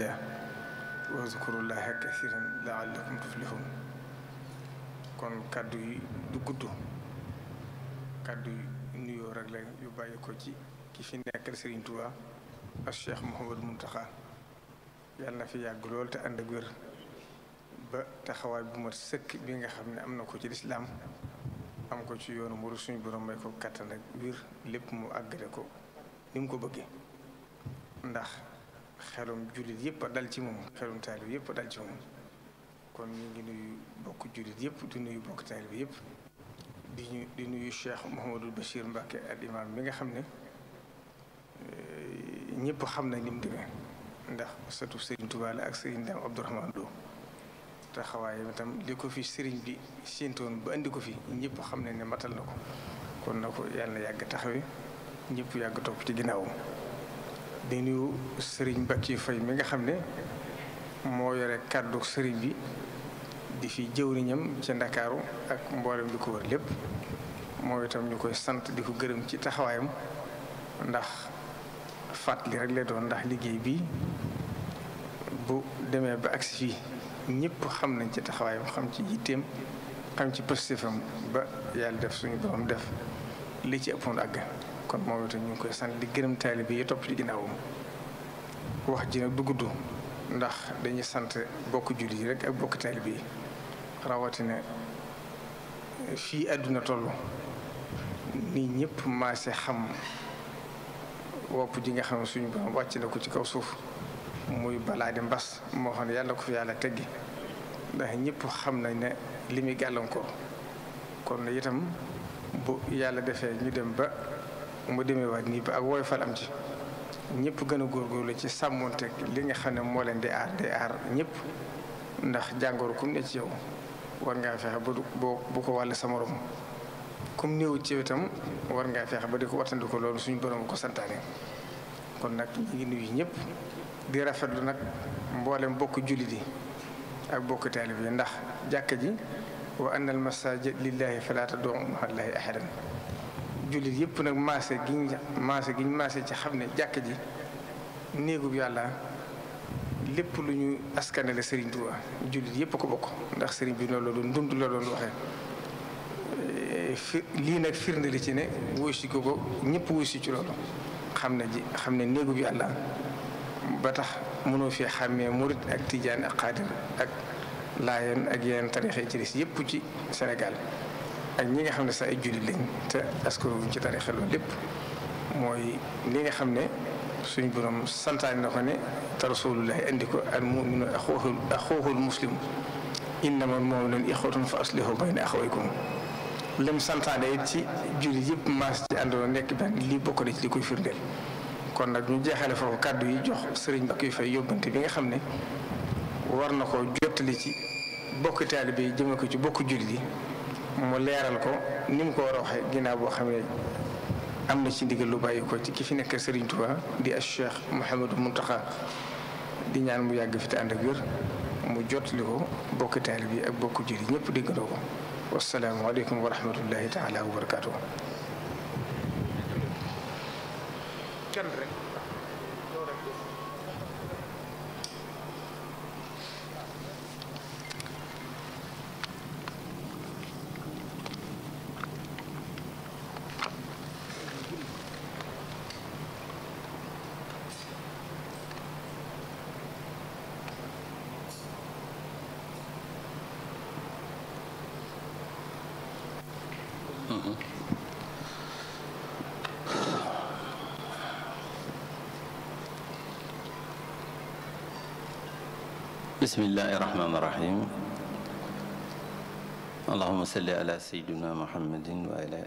الله la الله كثيرا لعلكم تفلحون kon kàddu yi du gudd kàddu yi nuyoo rek la yu bàyyi ko ci ki fi nekkal Serigne Touba ak Cheikh Mouhamadou Mountakha yàlla na fi yàgg lool te ànd ak wér ba taxawaay bu mat sëkk bi nga xam ne am na ko ci lislaam am ko ci yoonu muru suñu borom may ko kattan ak wér lépp mu àggale ko ni mu ko bëggee ndax xelum jullit yëpp dal ci moom xelum taalib yëpp dal ci moom kon ñu ngi nuyu bokk jullit yëpp di nuyu bokk taalib yëpp di ñu di nuyu Cheikh Mouhamadou Bachir Mbacke al mi nga xam ne eh, ñëpp xam na ni mu ndax sëtu Serigne Touba la ak Serigne Dame doo Lo taxawaayam tam li ko fi Serigne bi séentoon ba indi ko fi ñëpp xam nañ ne matal na ko kon na ko yàlla yàgg taxawe ñëpp yàgg topp ci ginnaawam. di sëriñ Serigne ci Fay mi nga xam ne moo yore kàddu sëriñ bi di fi jëwriñam ci ndakaaru ak mboolem di ko wër lépp moo itam ñu koy sant di ko gërëm ci taxawaayam ndax fàttali rek lay doon ndax liggéey bi bu demee ba agsi fii ñëpp xam nañ ci taxawaayam xam ci yitteem xam ci pëstéefam ba yàlla def suñu borom def li ci ëppoon àgg kon moom itam ñu ngi koy sant di gërëm taalibe yi topp ci ginnaawam wax ji nag du gudd ndax dañuy sant bokk julli yi rek ak bokk taalibe yi rawatina fii àdduna toll nii ñëpp maase xam wopp ji nga xam ne suñu borom wàcc na ko ci kaw suuf muy balaa di mbas moo xam ne yàlla ko fi yàlla teggi ndax ñëpp xam nañ ne li muy gàllankoor kon itam bu yàlla defee ñu dem ba mu demeewaat nii ba ak woy fal am ci ñëpp gën a góor góorgóorlu ci sàmmoon teg li nga xam ne moo leen de aar di aar ñëpp ndax jàngoro kum ne ci yow war ngaa fexe ba du bu ko wàll sa morom kum néew ci yow itam war ngaa fexe ba di ko wattandi ko loolu suñu borom ko santaane kon nag ñu ngi nuyu ñëpp di rafetlu nag mboolem bokk jullit yi ak bokk taalib yi ndax jàkka ji wa anna al masajid lillahi fala tad'u ma'a allahi ahadan jullit yëpp nag maase giñ maase giñ maase ci xam ne jàkk ji néegub yàlla lépp lu ñu askanale Serigne Touba jullit yëpp ko bokk ndax sëriñ bi noonu la doon dund la doon eh, lii nag firnde li ci ne wuyu si ko ko ñëpp wuyu si ci loolu xam ne ji xam ne néegub yàlla ba tax mënoo fi xàmmee murit ak tijaan ak xaadir ak laayeen ak yeneen tarixe ci des yëpp ci Sénégal ak ñi nga xam ne sax ay jullit lañ te askan wi ci tarixa loolu lépp mooy li nga xam ne suñ borom santaane na ko ne te rasulullahi indi ko al muminu axooxul axooxul muslim innama mu'minun ixwatun fa aslihu bayna axawaykum lim santaane it ci jullit yëpp maas ci àndoo nekk benn lii bokk ci li koy firndeel kon nag ñu jeexale foofu kàddu yi jox sëriñ Mbacke Faye yóbbante bi nga xam ne war na ko jottali ci bokk taalibe yi jëme ko ci bokk jullit yi mu leeral ko ni mu ko war a waxee ginnaaw boo xam ne am na ci ndigal lu bàyyi ko ci ki fi nekk Serigne Touba di as Cheikh Mouhamadou Mountakha di ñaan mu yàgg fi te ànd ak wér mu jotli ko bokk taal bi ak bokk jëri ñëpp déggandoo ko wasalaamualeykum wa rahmatullahi taala wa barakaatu. bismillahi irrahmaani irrahim allahuma salli ala seydina muhammadin wa ala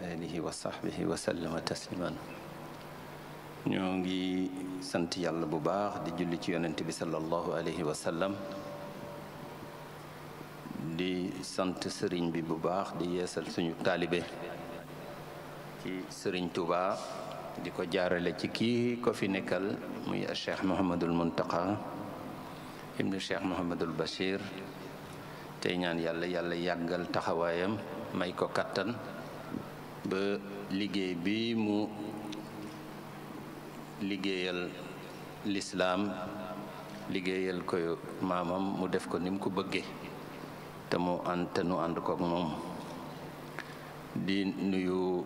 wa sahbihi wa sallama tasliman ñoo ngi sant yàlla bu baax di julli ci yonent bi sallallahu alayhi wa sallam di sant sëriñ bi bu baax di yeesal suñu taalibe ci sëriñ Tuubaa di ko jaarale ci kii ko fi nekkal muy Cheikh Muhammadul Muntaqa ibnu cheikh mohamadul bachir tey ñaan yàlla yàlla yàggal taxawaayam may ko kàttan ba liggéey bi mu liggéeyal lislaam liggéeyal ko maamam mu def ko nim mu ko bëggee te mu ànd te nu ànd kook moom di nuyu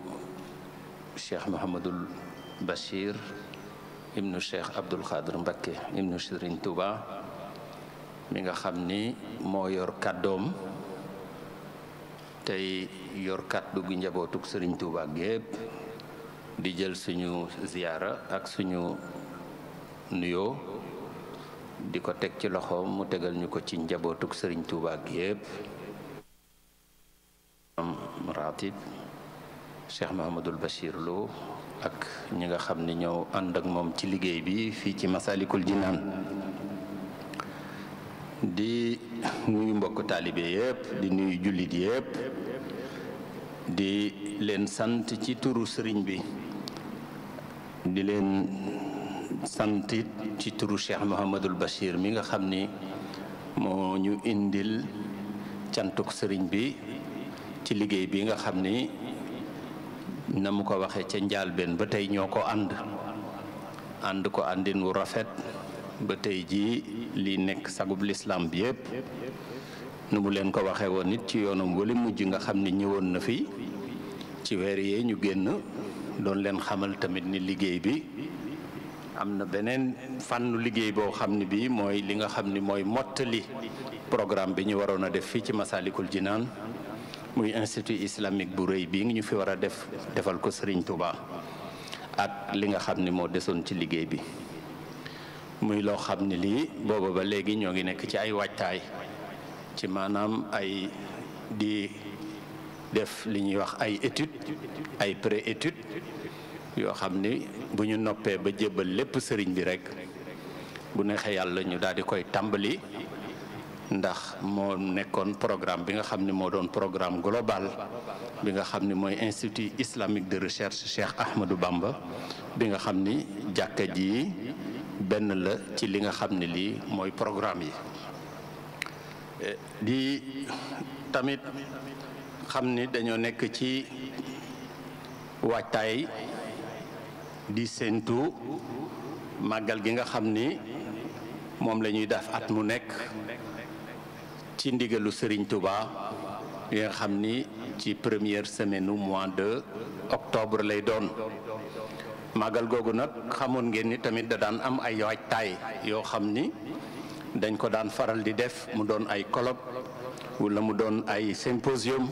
cheikh mohamadul bachir ibnu cheikh abdul xaadir mbakke ibnu sëriñ tuba mi nga xam ni moo yor kàddoom tey yor kàddu gi njabootug sëriñ Tuubaa gépp di jël suñu ziyaara ak suñu nuyoo di ko teg ci loxoom mu tegal ñu ko ci njabootug sëriñ Tuubaa gépp am ratib Cheikh Mahamadul Bachir ak ñi nga xam ni ñoo ànd ak moom ci liggéey bi fii ci Masalikul naan di nuyu mbokk taalibe yépp di nuyu jullit yépp di leen sant ci turu sëriñ bi di leen sant ci turu Cheikh Mouhamadul Bachir mi nga xam ni moo ñu indil cantuk sëriñ bi ci liggéey bi nga xam ni na mu ko waxee ca njaalbeen ba tey ñoo ko ànd ànd ko àndin wu rafet ba tey jii li nekk sagub lislaam bi yëpp nu mu leen ko waxe woon nit ci yoonam wala mujj nga xam ne ñëwoon na fi ci weer yee ñu génn doon leen xamal tamit ni liggéey bi am na beneen fànnu liggéey boo xam ne bii mooy li nga xam ni mooy mottali programme bi ñu waroon a def fii ci Masaalikul Jinaan muy institut islamique bu rëy bii nga ñu fi war a def defal ko sëriñ Touba ak li nga xam ni moo desoon ci liggéey bi. muy loo xam ne lii booba ba léegi ñoo ngi nekk ci ay waajtaay ci maanaam ay di def li ñuy wax ay étude ay pré étude yoo xam ni bu ñu noppee ba jëbal lépp sëriñ bi rek bu neexee yàlla ñu daal di koy tàmbali ndax moo nekkoon programme bi nga xam ne moo doon programme global bi nga xam ne mooy institut islamique de recherche Cheikh Ahmadou Bamba bi nga xam ni jàkka ji benn la ci li nga xam ne lii mooy programme yi di tamit xam ni dañoo nekk ci waajtaay di séentu màggal gi nga xam ni moom lañuy ñuy at mu nekk ci ndigalu Serigne Touba yi nga xam ni ci première semaine mois de octobre lay doon màggal googu nag xamoon ngeen ni tamit da daan am ay waajtaay yoo xam ni dañ ko daan faral di def mu doon ay colloque wala mu doon ay symposium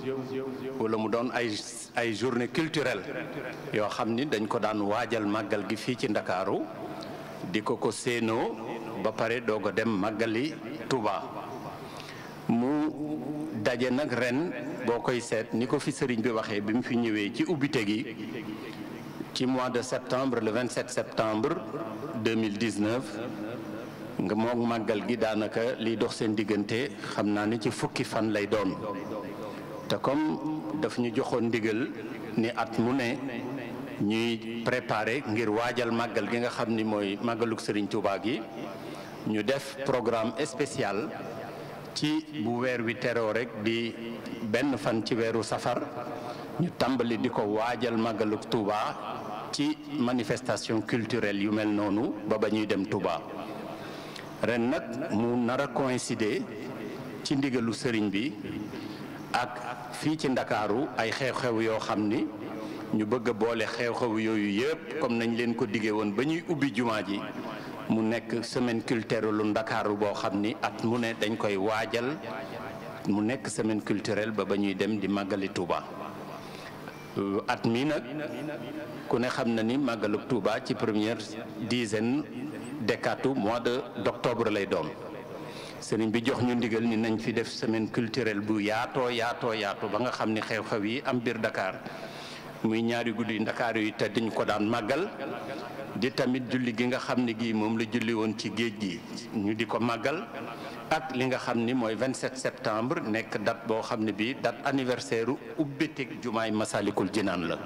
wala mu doon ay ay journée culturelle yoo xam ni dañ ko daan waajal màggal gi fii ci ndakaaru di ko ko séenoo ba pare doo ko dem màggali Touba mu daje nag ren boo koy seet ni ko fi sëriñ bi waxee bi mu fi ñëwee ci ubbite gi ci mois de septembre le 27 septembre 2019 nga moog màggal gi daanaka liy dox seen diggante xam naa ni ci fukki fan lay doon te comme daf ñu joxoon ndigal ni at mu ne ñuy prépare ngir waajal màggal gi nga xam ni mooy màggaluk Serigne Touba gi ñu def programme spécial ci bu weer wi teroo rek di benn fan ci weeru safar ñu tàmbali di ko waajal màggalu Touba ci manifestation culturelle yu mel noonu ba ba ñuy dem Touba ren nag mu nara a coïncider ci ndigalu sëriñ bi ak fii ci ndakaaru ay xew-xew yoo xam ni ñu bëgg a boole xew-xew yooyu yëpp comme nañ leen ko diggee woon ba ñuy ubbi jumaa ji mu nekk semaine culturelle lu ndakaaru boo xam ni at mu ne dañ koy waajal mu nekk semaine culturelle ba ba ñuy dem di màggali Touba. Euh, at mii nag ku ne xam na ni màggalug Touba ci première dizaine décatu mois de d'octobre lay doon sëriñ bi jox ñu ndigal ni nañ fi def semaine culturelle bu yaato yaatoo yaatoo ba nga xam ni xew-xew yi am biir ndakaar muy ñaari guddi Ndakaaru yi te dañ ko daan màggal di tamit julli gi nga xam ne gii moom la julli woon ci géej gi ñu di ko màggal ak li nga xam ni mooy 27 septembre nekk date boo xam ne bii date anniversaire ubbitik jumaay Masalikul Jinaan la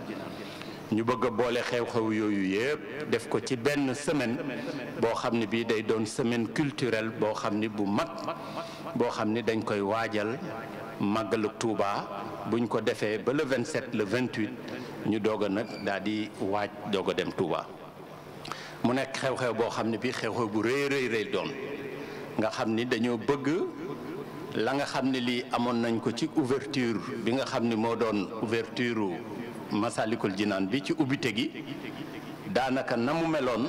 ñu bëgg a boole xew-xew yooyu yëpp def ko ci benn semaine boo xam ne bii day doon semaine culturel boo xam ne bu mag boo xam ne dañ koy waajal la Tuuba buñ ko defee ba le 27 le 28 ñu doog a nag daal di waaj doog dem Tuuba mu nekk xew-xew boo xam ne bii xew-xew bu rëy rëy rëy doon. nga xam ni dañoo bëgg la nga xam ne lii amoon nañ ko ci ouverture bi nga xam ni moo doon ouverture Masalikul Jinaan bi ci ubbite gi daanaka na mu meloon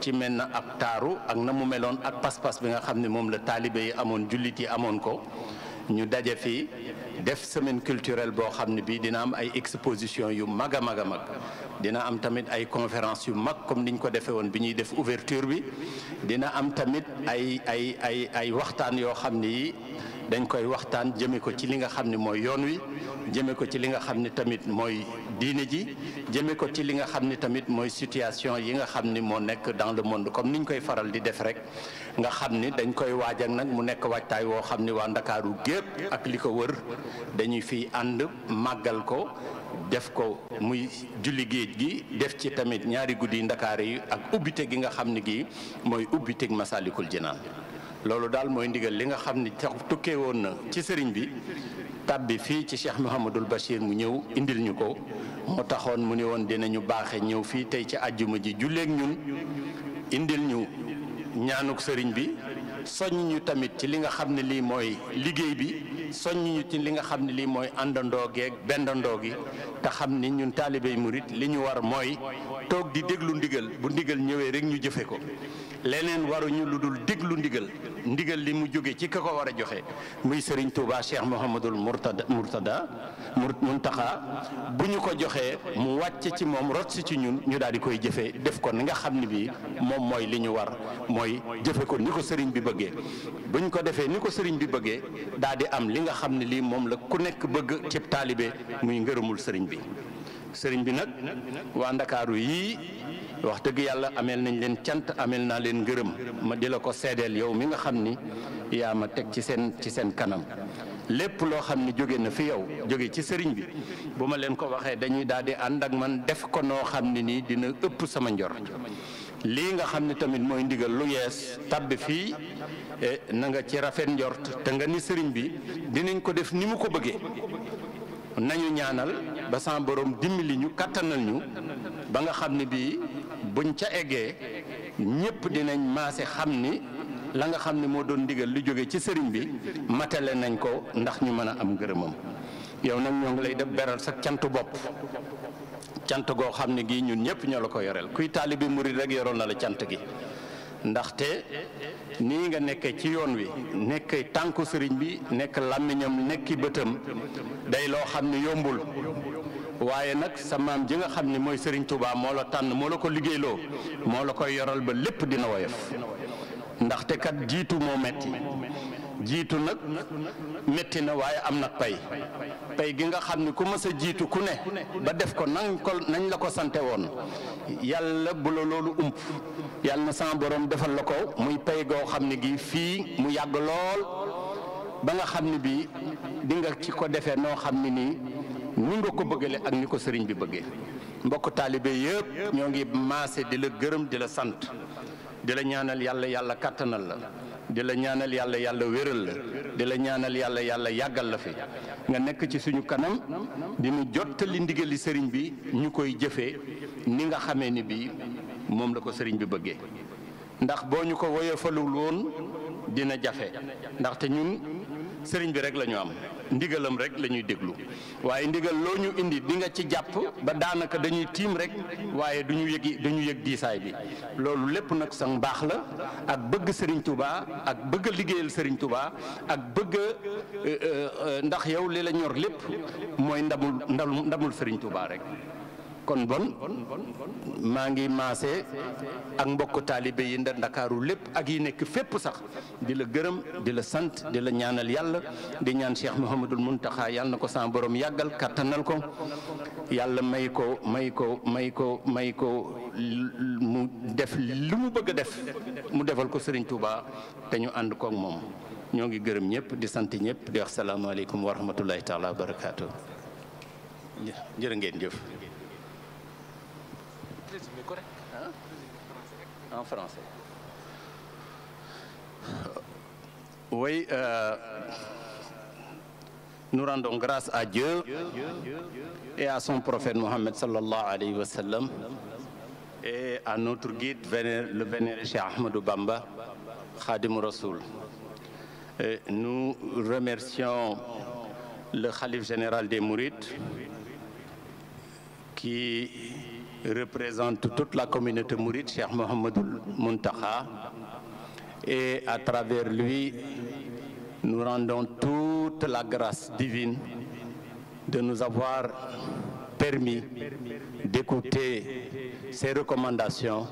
ci mel na ab taaru ak na mu meloon ak pas-pas bi nga xam ne moom la taalibe yi amoon jullit yi amoon ko ñu daje fi def semaine culturelle boo xam ne bii dina am ay exposition yu mag a mag a mag dina am tamit ay conférence yu mag comme niñ ko defee woon bi ñuy def ouverture bi dina am tamit ay ay ay ay waxtaan yoo xam ne yi dañ koy waxtaan jëme ko ci li nga xam ni mooy yoon wi jëme ko ci li nga xam ne tamit mooy diine ji jëme ko ci li nga xam ne tamit mooy situation yi nga xam ni moo nekk dans le monde comme niñ koy faral di def rek nga xam ni dañ koy waajal nag mu nekk waajtaay woo xam ni waa Ndakaaru gépp ak li ko wër dañuy fiy ànd màggal ko def ko muy julli géej gi def ci tamit ñaari guddi Ndakaar yi ak ubbite gi nga xam ni gi mooy ubbiteg Masaalikul Jinaan loolu daal mooy ndigal li nga xam ni tax tukkee woon na ci sëriñ bi tàbbi fii ci Cheikh Mouhamadul Bachir mu ñëw indil ñu ko moo taxoon mu ne woon dinañu baaxe ñëw fii tey ci àjjuma ji julleeg ñun indil ñu ñaanuk sëriñ bi soññ tamit ci li nga xam ne lii mooy liggéey bi soññ ci li nga xam ne lii mooy àndandoo geeg bendandoo gi te xam ni ñun taalibey murit li ñu war mooy toog di déglu ndigal bu ndigal ñëwee rek ñu jëfe ko leneen waruñu lu dul déglu ndigal ndigal li mu jóge ci ka ko war a joxe muy Serigne Touba Cheikh Mouhamadul Mourtada Mourtada Muntaxa bu ñu ko joxee mu wàcc ci moom rot si ci ñun ñu daal di koy jëfee def ko ni nga xam ne bii moom mooy li ñu war mooy jëfe ko ni ko Serigne bi bëggee bu ñu ko defee ni ko Serigne bi bëggee daal di am li nga xam ne lii moom la ku nekk bëgg cib taalibe muy ngërëmul sëriñ bi. sëriñ bi nag waa ndakaaru yii wax dëgg yàlla ameel nañ leen cant ameel naa leen ngërëm ma di la ko seedeel yow mi nga xam ni yaa ma teg ci seen ci seen kanam lépp loo xam ne jóge na fi yow jóge ci sëriñ bi bu ma leen ko waxee dañuy daal di ànd ak man def ko noo xam ne nii dina ëpp sama njor lii nga xam ne tamit mooy ndigal lu yees tàbbi fii eh, na nga ci rafet njort te nga ni sëriñ bi dinañ ko def ni mu ko bëggee nañu ñaanal ba sa borom dimbali ñu kàttanal ñu ba nga xam ne bii buñ ca eggee ñëpp dinañ maase xam ni la nga xam ne moo doon ndigal lu jóge ci sëriñ bi matale nañ ko ndax ñu mën a am ngërëmam yow nag ñoo ngi lay def beral sa cantu bopp cant goo xam ne gii ñun ñëpp ñoo la ko yoreel kuy taalibi murid rek yoroon na la cant gi ndaxte ni nga nekkee ci yoon wi nekke tànku sëriñ bi nekk làmmiñam nekki bëtam day loo xam ne yombul waaye nag sa maam ji nga xam ne mooy sëriñ tubaab moo la tànn moo la ko liggéeyloo moo la koy yoral ba lépp dina woyof ndaxte kat jiitu moo metti jiitu nag metti na waaye am na pay pay gi nga xam ni ku mës jiitu ku ne ba def ko nañ ko nañ la ko sante woon yàlla bu la loolu ump yàlla na sama boroom defal la ko muy pay goo xam ne gi fii mu yàgg lool ba nga xam ne bi di nga ci ko defee noo xam ne nii ni nga ko bëggale ak ni ko sëriñ bi bëggee mbokk taalibe yëpp ñoo ngi maase di la gërëm di la sant di la ñaanal yàlla yàlla kàttanal la di la ñaanal yàlla yàlla wéral la di la ñaanal yàlla yàlla yàggal la fi nga nekk ci suñu kanam dinu jottali ndigali sëriñ bi ñu koy jëfee ni nga xamee ni bii moom la ko sëriñ bi bëggee ndax boo ñu ko woyofalul woon dina jafe ndaxte ñun sëriñ bi rek lañu am ndigalam rek la ñuy déglu waaye ndigal loo ñu indi di nga ci jàpp ba daanaka dañuy tiim rek waaye du ñu yëg du ñu yëg diisaay bi loolu lépp nag sa baax la ak bëgg Serigne Touba ak bëgg liggéeyal Serigne Touba ak bëgg euh, euh, euh, ndax yow li ñor lépp mooy ndamul ndamul Serigne Touba rek. kon bon maa ngi maase ak mbokk taalibe yi ndakaaru lépp ak yi nekk fépp sax di la gërëm di la sant di la ñaanal yàlla di ñaan Cheikh Mouhamadul Muntaxa yàlla na ko sama borom yàggal kàttanal ko yàlla may ko may ko may ko may ko mu def li mu bëgg a def mu defal ko Serigne Touba te ñu ànd koog moom ñoo ngi gërëm ñëpp di sant ñëpp di wax salaamaaleykum wa rahmatullahi taala wa barakaatu jërë jëf en français. Oui, euh, nous rendons grâce à Dieu et à son prophète Mohammed sallallahu alayhi wa sallam et à notre guide, le vénéré Cheikh Ahmadou Bamba, Khadim Rasoul. Et nous remercions le Khalif général des Mourides qui représente toute la communauté mouride, Cheikh Mohamedou Muntaha, et à travers lui, nous rendons toute la grâce divine de nous avoir permis d'écouter ses recommandations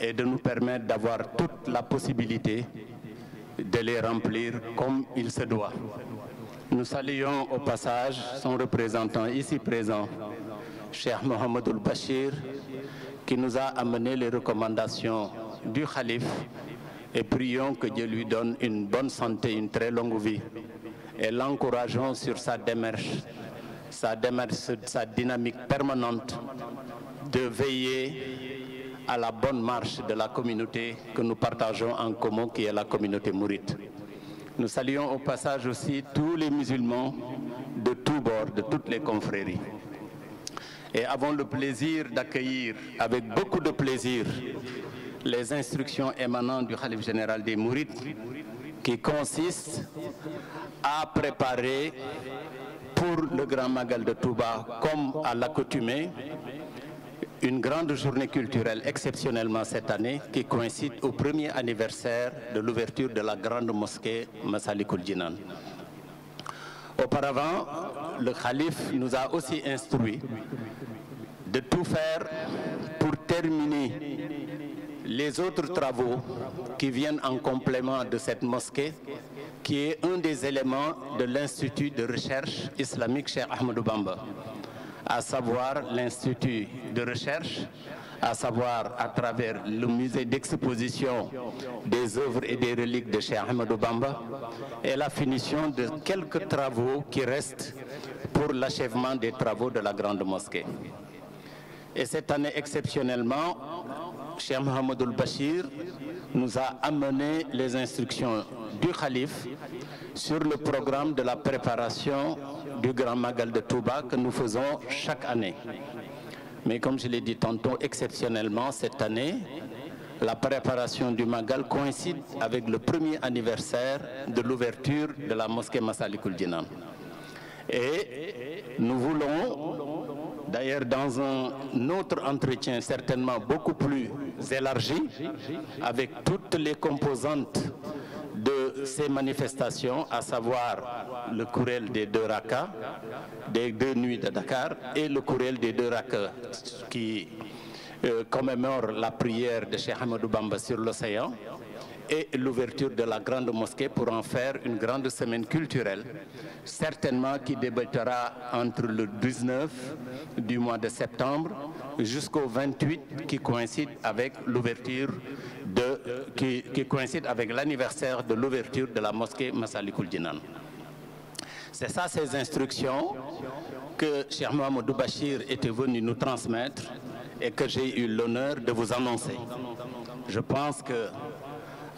et de nous permettre d'avoir toute la possibilité de les remplir comme il se doit. Nous saluons au passage son représentant ici présent, Cheikh Mohamedoul Bachir, qui nous a amené les recommandations du Khalif et prions que Dieu lui donne une bonne santé, une très longue vie et l'encourageons sur sa démarche, sa démarche, sa dynamique permanente de veiller à la bonne marche de la communauté que nous partageons en commun, qui est la communauté mourite. Nous saluons au passage aussi tous les musulmans de tous bords, de toutes les confréries. et avons le plaisir d'accueillir avec beaucoup de plaisir les instructions émanant du Khalife général des Mourides qui consistent à préparer pour le Grand Magal de Touba comme à l'accoutumée une grande journée culturelle exceptionnellement cette année qui coïncide au premier anniversaire de l'ouverture de la grande mosquée Massalikul Jinan. Auparavant, le khalife nous a aussi instruit de tout faire pour terminer les autres travaux qui viennent en complément de cette mosquée, qui est un des éléments de l'Institut de recherche islamique Cheikh Ahmadou Bamba, à savoir l'Institut de recherche à savoir à travers le musée d'exposition des œuvres et des reliques de Cheikh Ahmadou Bamba et la finition de quelques travaux qui restent pour l'achèvement des travaux de la grande mosquée. Et cette année exceptionnellement, Cheikh Mohamedoul Bachir nous a amené les instructions du Khalif sur le programme de la préparation du Grand Magal de Touba que nous faisons chaque année. Mais comme je l'ai dit tantôt, exceptionnellement, cette année, la préparation du Magal coïncide avec le premier anniversaire de l'ouverture de la mosquée Massalikul Jinan. Et nous voulons, d'ailleurs dans un autre entretien certainement beaucoup plus élargi, avec toutes les composantes de ces manifestations, à savoir le courriel des deux rakas, des deux nuits de Dakar, et le courriel des deux rakas, qui euh, commémore la prière de Cheikh Hamadou Bamba sur l'océan, et l'ouverture de la grande mosquée pour en faire une grande semaine culturelle, certainement qui débutera entre le 19 du mois de septembre jusqu'au 28 qui coïncide avec l'ouverture de qui, qui coïncide avec l'anniversaire de l'ouverture de la mosquée Massalikul Jinan. C'est ça ces instructions que Cheikh Mahamadou Bachir était venu nous transmettre et que j'ai eu l'honneur de vous annoncer. Je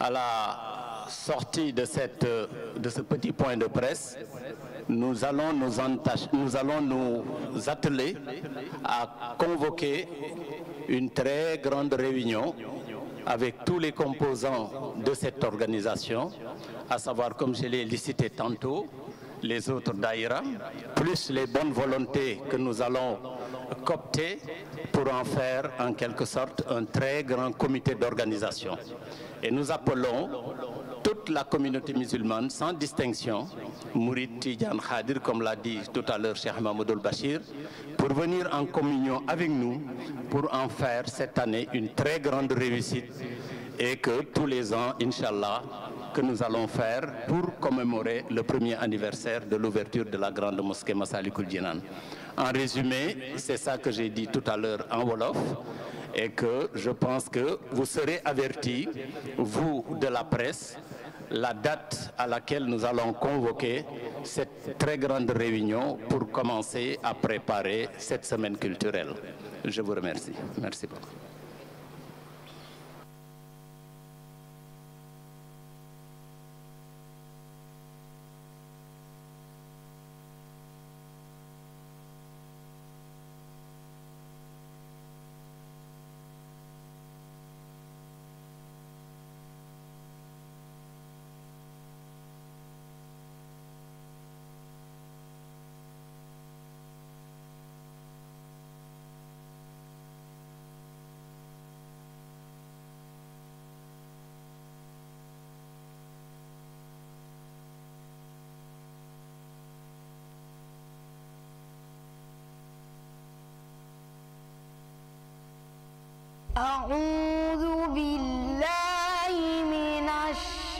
à la sortie de cette, de ce petit point de presse, nous allons nous, entacher, nous allons nous atteler à convoquer une très grande réunion avec tous les composants de cette organisation, à savoir, comme je l'ai licité tantôt, les autres daïras, plus les bonnes volontés que nous allons copter pour en faire en quelque sorte un très grand comité d'organisation. Et nous appelons toute la communauté musulmane, sans distinction, Mourid Tidjan Khadir, comme l'a dit tout à l'heure Cheikh Mahmoud bashir pour venir en communion avec nous, pour en faire cette année une très grande réussite et que tous les ans, Inch'Allah, que nous allons faire pour commémorer le premier anniversaire de l'ouverture de la grande mosquée Massalikul Jinan. En résumé, c'est ça que j'ai dit tout à l'heure en Wolof. et que je pense que vous serez avertis, vous de la presse, la date à laquelle nous allons convoquer cette très grande réunion pour commencer à préparer cette semaine culturelle. Je vous remercie. Merci beaucoup.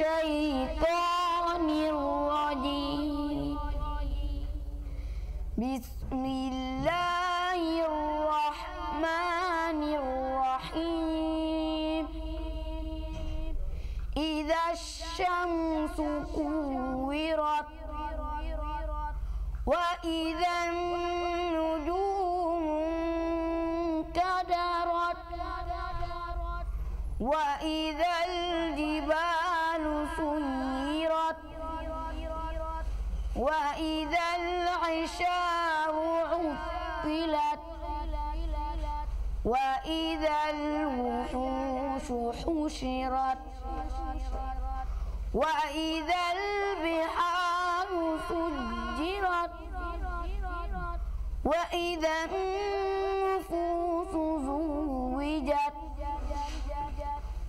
الشيطان الرجيم بسم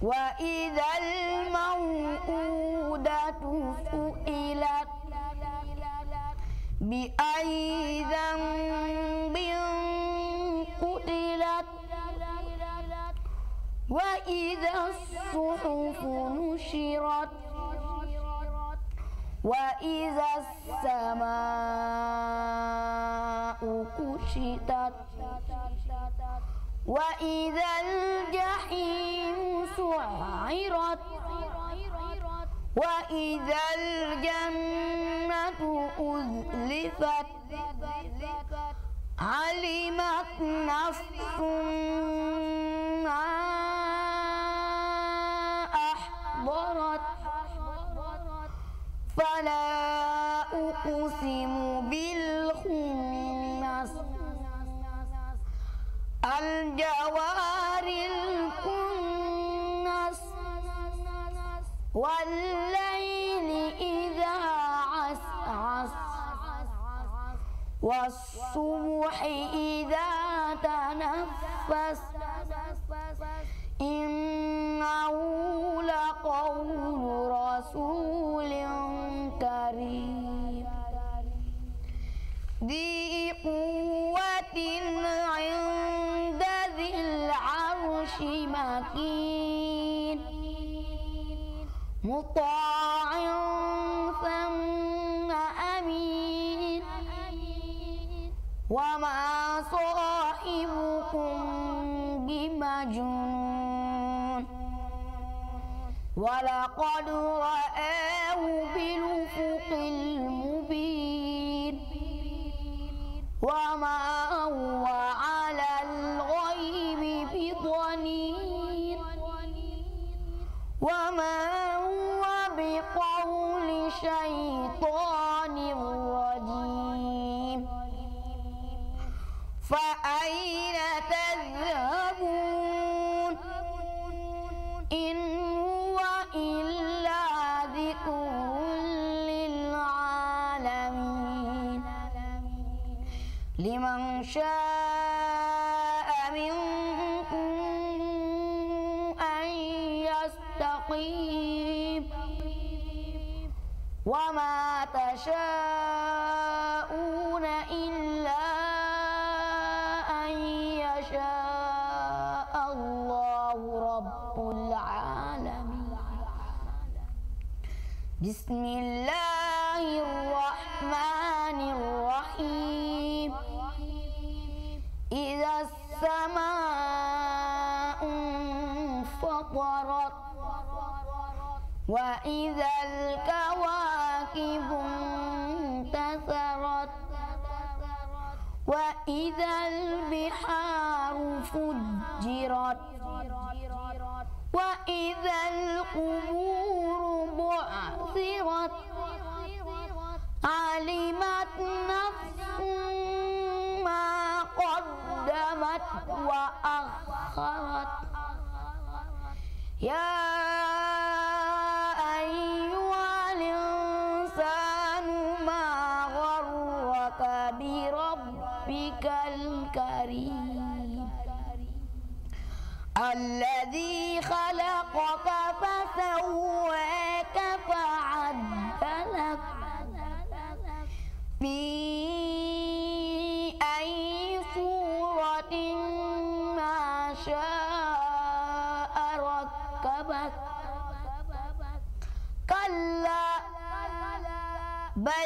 وإذا الموءودة سئلت بأي ذنب قتلت وإذا الصحف نشرت وإذا السماء كشطت وإذا الجحيم سعرت وإذا الجنة أزلفت علمت نفس ما أحضرت فلا والجوار الكنس والليل إذا عسعس والصبح إذا تنفس إنه لقول رسول كريم ذي قوة ولقد رأى شاء منكم أن يستقيم وما تشاءون إلا أن يشاء الله رب العالمين بسم الله انفطرت وإذا الكواكب انتثرت وإذا البحار فجرت وإذا القبور بعثرت علمت نفس ما قدمت وأخرت يا أيها الإنسان ما غرك بربك الكريم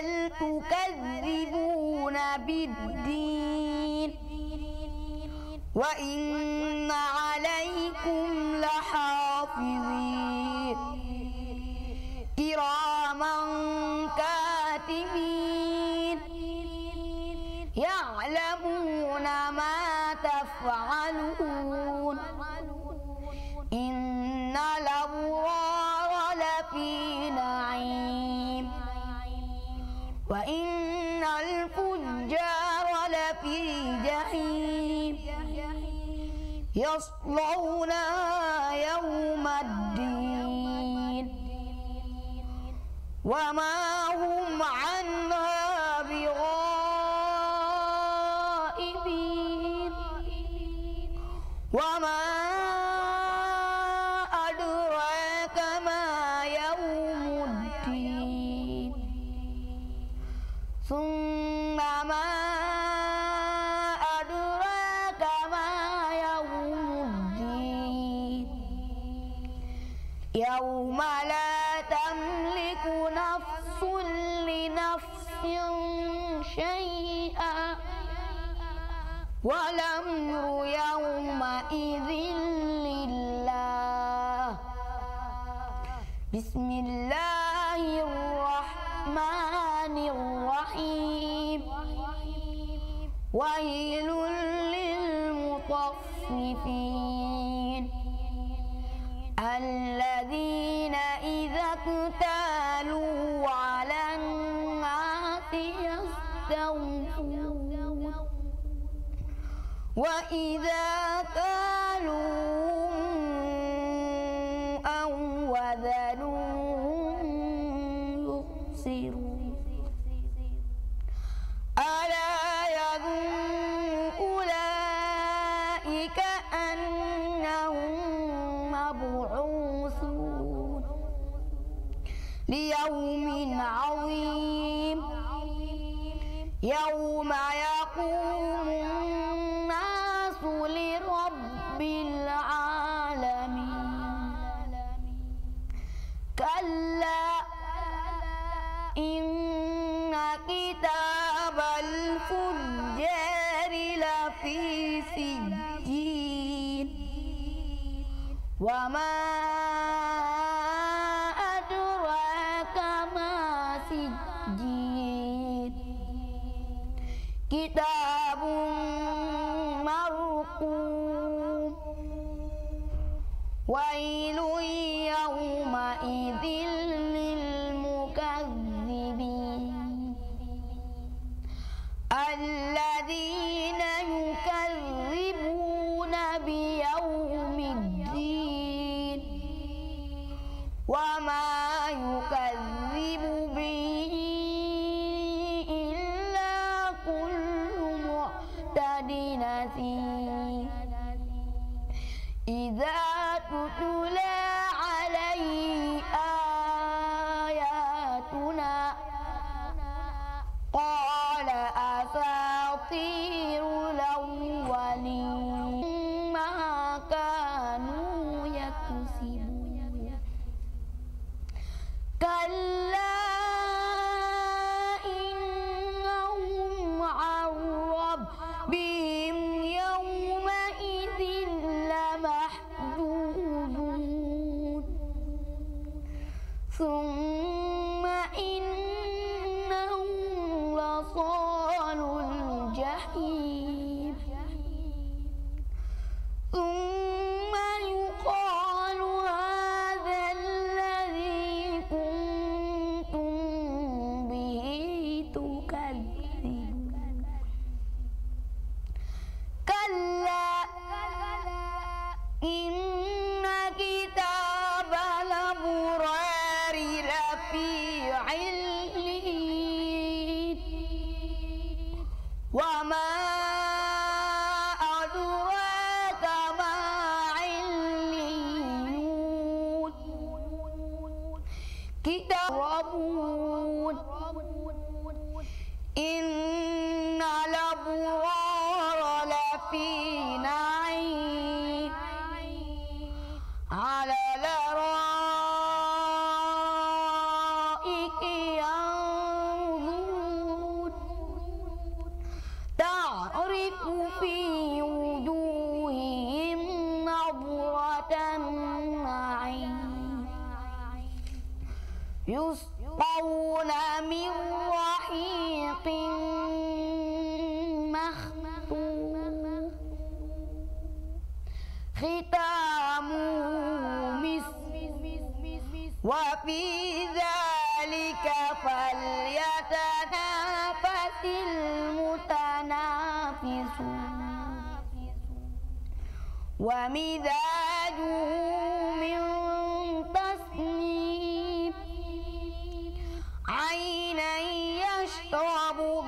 بل تكذبون بالدين وإن عليكم لحافظين كراما كاتبين يعلمون ما تفعلون إن لا يصلونها يوم الدين وما هم بسم الله الرحمن الرحيم ويل للمطففين الذين إذا اكتالوا على الناس يستوفون وإذا كتاب الفجار لفي سجين وما في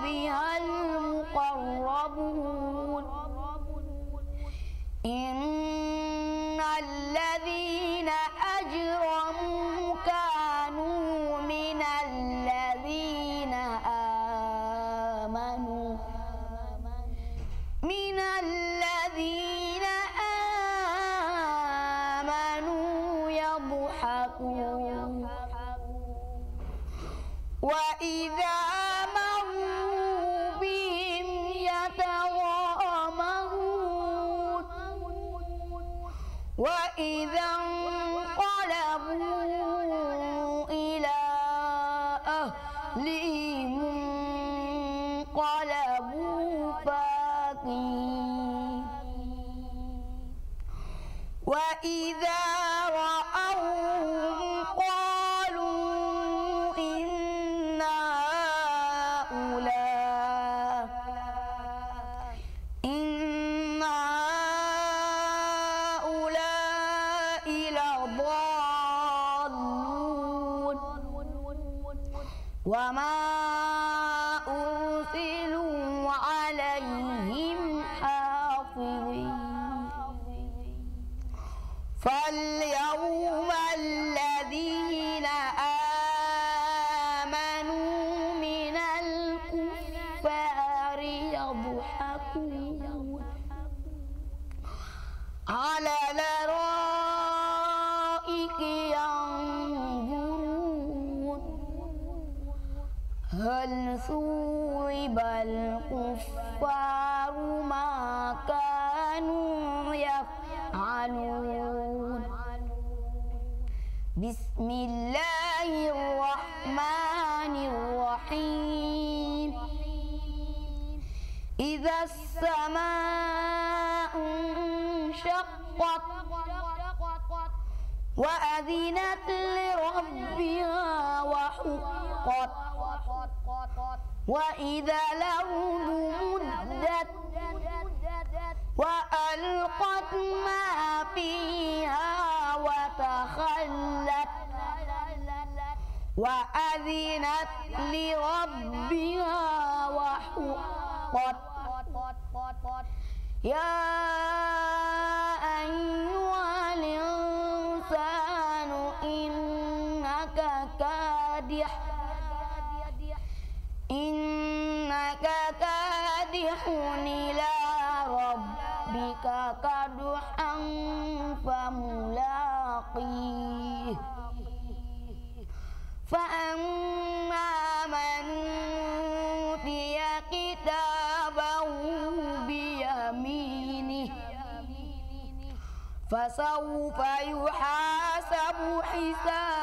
وفرح المقربون إن وما وأذنت لربها وحقت وإذا الأرض مدت وألقت ما فيها وتخلت وأذنت لربها وحقت يا التقي فأما من أوتي كتابه بيمينه فسوف يحاسب حسابا